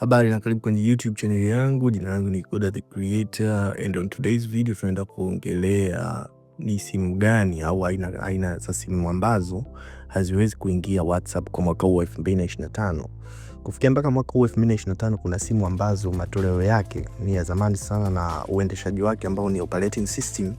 Habari na karibu kwenye YouTube channel yangu. Jina langu ni Koda the Creator and on today's video tunaenda kuongelea ni simu gani au aina aina za simu ambazo haziwezi kuingia WhatsApp kwa mwaka huu 2025. Kufikia mpaka mwaka huu 2025 kuna simu ambazo matoleo yake ni ya zamani sana na uendeshaji wake ambao ni operating system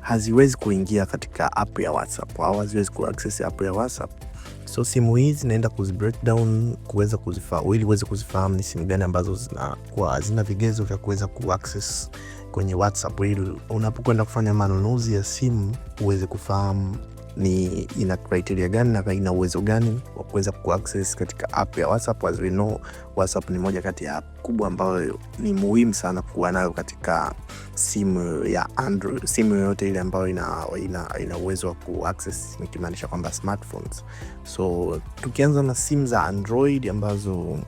haziwezi kuingia katika app ya WhatsApp au haziwezi access app ya WhatsApp So simu hizi naenda kuzi breakdown kuweza kuzifahamu ili uweze kuzifahamu ni simu gani ambazo zinakuwa hazina vigezo vya kuweza kuaccess kwenye WhatsApp ili unapokwenda kufanya manunuzi ya simu uweze kufahamu ni ina criteria gani na ina uwezo gani wa kuweza kuaccess katika app ya WhatsApp. As we know, WhatsApp ni moja kati ya app kubwa ambayo ni muhimu sana kuwa nayo katika simu ya Android, simu yoyote ile ambayo ina, ina, ina uwezo wa kuaccess, nikimaanisha kwamba smartphones. So tukianza na simu za Android ambazo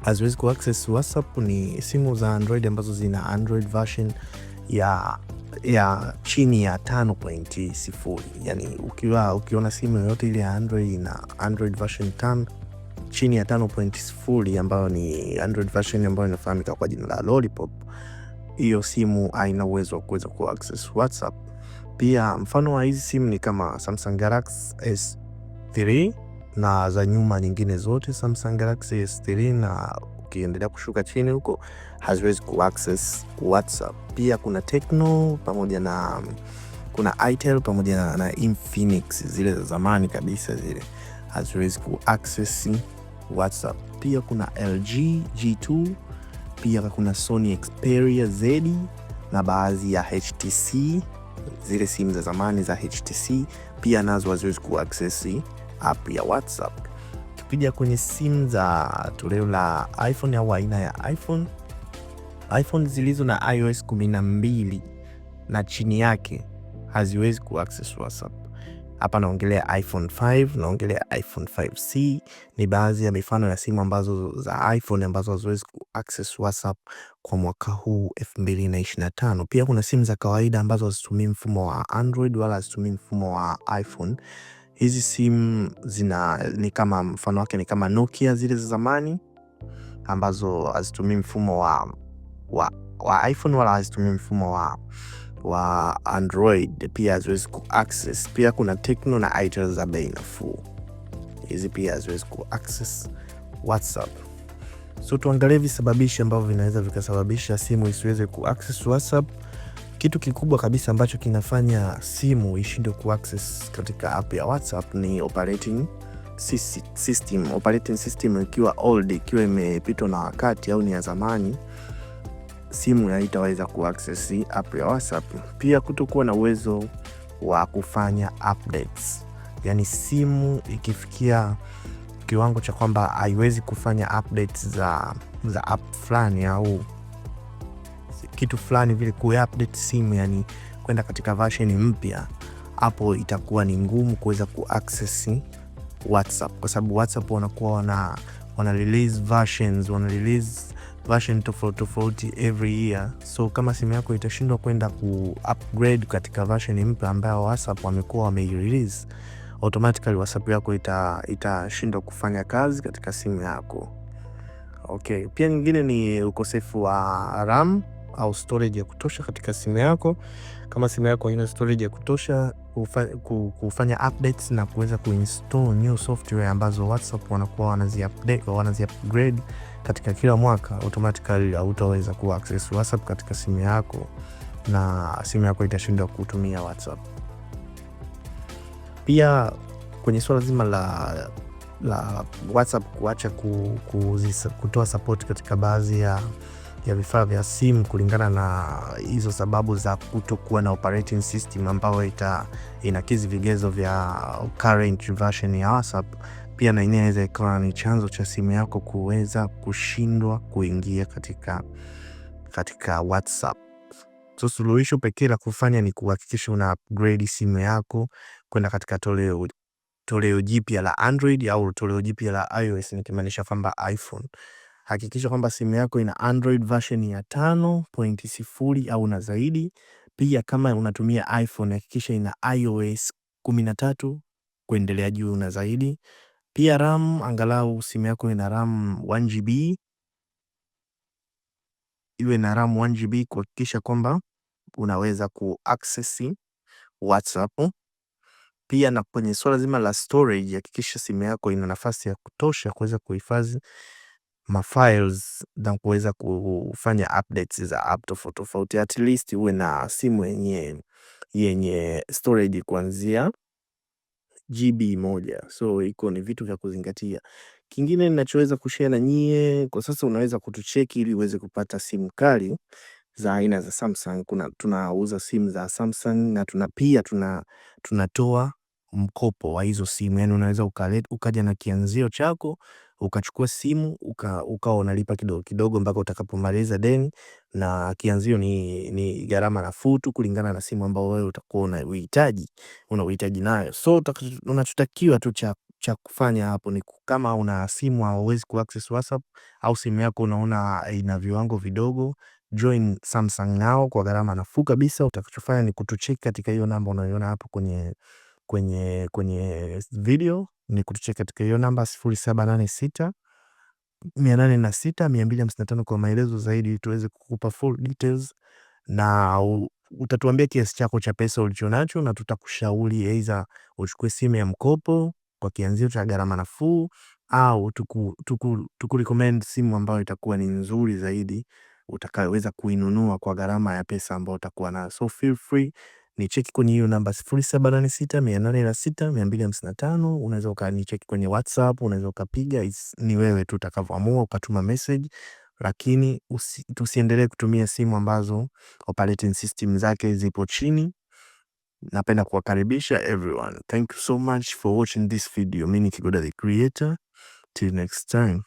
haziwezi kuaccess WhatsApp ni simu za Android ambazo zina Android version ya ya chini ya 5.0, yani ukiwa ukiona simu yoyote ile ya Android na Android version 5 chini ya 5.0 ambayo ni Android version ambayo inafahamika kwa jina la Lollipop, hiyo simu haina uwezo wa kuweza ku access WhatsApp. Pia mfano wa hizi simu ni kama Samsung Galaxy S3 na za nyuma nyingine zote Samsung Galaxy S3 na ukiendelea kushuka chini huko haziwezi access WhatsApp. Pia kuna Tecno pamoja na kuna Itel pamoja na, na Infinix zile za zamani kabisa zile haziwezi access WhatsApp. Pia kuna LG G2, pia kuna Sony Xperia Z na baadhi ya HTC zile simu za zamani za HTC pia nazo haziwezi access app ya WhatsApp. Tukija kwenye simu za toleo la iPhone au aina ya iPhone, iPhone zilizo na iOS 12 na chini yake haziwezi kuaccess WhatsApp. Hapa naongelea iPhone 5, naongelea iPhone 5C. Ni baadhi ya mifano ya simu ambazo za iPhone ambazo haziwezi kuaccess WhatsApp kwa mwaka huu 2025. Pia kuna simu za kawaida ambazo hazitumii mfumo wa Android wala hazitumii mfumo wa iPhone hizi simu zina ni kama mfano wake ni kama Nokia zile za zamani ambazo hazitumii mfumo wa, wa, wa iPhone wala hazitumii mfumo wa, wa Android, pia haziwezi kuaccess. Pia kuna Tecno na Itel za bei nafuu, hizi pia haziwezi kuaccess WhatsApp. So tuangalie visababishi ambavyo vinaweza vikasababisha simu isiweze kuaccess WhatsApp. Kitu kikubwa kabisa ambacho kinafanya simu ishindwe kuaccess katika app ya WhatsApp ni operating system. Operating system ikiwa old, ikiwa imepitwa na wakati au ni ya zamani, simu haitaweza access app ya WhatsApp. Pia kutokuwa na uwezo wa kufanya updates, yani simu ikifikia kiwango cha kwamba haiwezi kufanya updates za, za app fulani au kitu fulani vile, kuupdate simu yani kwenda katika version mpya, hapo itakuwa ni ngumu kuweza kuaccess WhatsApp kwa sababu WhatsApp wanakuwa wana, wana release versions, wana release version tofauti tofauti every year. So kama simu yako itashindwa kwenda ku upgrade katika version mpya ambayo WhatsApp wamekuwa wame release, automatically WhatsApp yako ita itashindwa kufanya kazi katika simu yako. Okay, pia nyingine ni ukosefu wa RAM au storage ya kutosha katika simu yako. Kama simu yako haina storage ya kutosha, kufanya updates na kuweza kuinstall new software ambazo WhatsApp wanakuwa wanazi update au wanazi upgrade katika kila mwaka, automatically hautaweza ku access WhatsApp katika simu yako na simu yako itashindwa kutumia WhatsApp. Pia kwenye suala zima la la WhatsApp kuacha ku, ku, kutoa support katika baadhi ya ya vifaa vya simu kulingana na hizo sababu za kutokuwa na operating system ambayo ita inakizi vigezo vya current version ya WhatsApp. Pia na yenyewe inaweza ikawa ni chanzo cha simu yako kuweza kushindwa kuingia katika, katika WhatsApp. So suluhisho pekee la kufanya ni kuhakikisha una upgrade simu yako kwenda katika toleo toleo jipya la Android au toleo jipya la iOS, nikimaanisha kwamba iPhone. Hakikisha kwamba simu yako ina Android version ya tano pointi sifuri au na zaidi. Pia kama unatumia iPhone hakikisha ina iOS 13 kuendelea juu na zaidi. Pia RAM, angalau simu yako ina RAM 1GB, iwe na RAM 1GB kuhakikisha kwamba unaweza access WhatsApp. Pia na kwenye swala zima la storage, hakikisha simu yako ina nafasi ya kutosha kuweza kuhifadhi mafiles na kuweza kufanya updates za app tofauti tofauti. At least uwe na simu yenye yenye storage kuanzia GB moja. So iko ni vitu vya kuzingatia. Kingine ninachoweza kushare na nyie kwa sasa, unaweza kutucheki ili uweze kupata simu kali za aina za Samsung. Kuna tunauza simu za Samsung na tuna pia tuna tunatoa mkopo wa hizo simu, yani unaweza ukaleta ukaja na kianzio chako ukachukua simu uka, ukawa unalipa kidogo kidogo mpaka utakapomaliza deni, na kianzio ni, ni gharama nafuu tu kulingana na simu ambayo wewe utakuwa unauhitaji unauhitaji nayo. So unachotakiwa tu cha, cha kufanya hapo ni kama una simu hauwezi access WhatsApp au simu yako unaona ina viwango vidogo join Samsung nao kwa gharama nafuu kabisa. Utakachofanya ni kutucheki katika hiyo namba unayoona hapo kwenye kwenye kwenye video ni kutucheki katika hiyo namba 0786 806 255 kwa maelezo zaidi, tuweze kukupa full details na utatuambia kiasi chako cha pesa ulichonacho, na tutakushauri aidha uchukue simu ya mkopo kwa kianzio cha gharama nafuu, au tuku, tuku, tuku recommend simu ambayo itakuwa ni nzuri zaidi utakayoweza kuinunua kwa gharama ya pesa ambayo utakuwa nayo, so feel free ni cheki kwenye hiyo namba 0786886255. Unaweza ukanicheki kwenye WhatsApp, unaweza ukapiga, ni wewe tu utakavyoamua ukatuma message, lakini usi, tusiendelee kutumia simu ambazo operating system zake zipo chini. Napenda kuwakaribisha everyone. Thank you so much for watching this video. Mimi ni Kigoda the Creator. Till next time.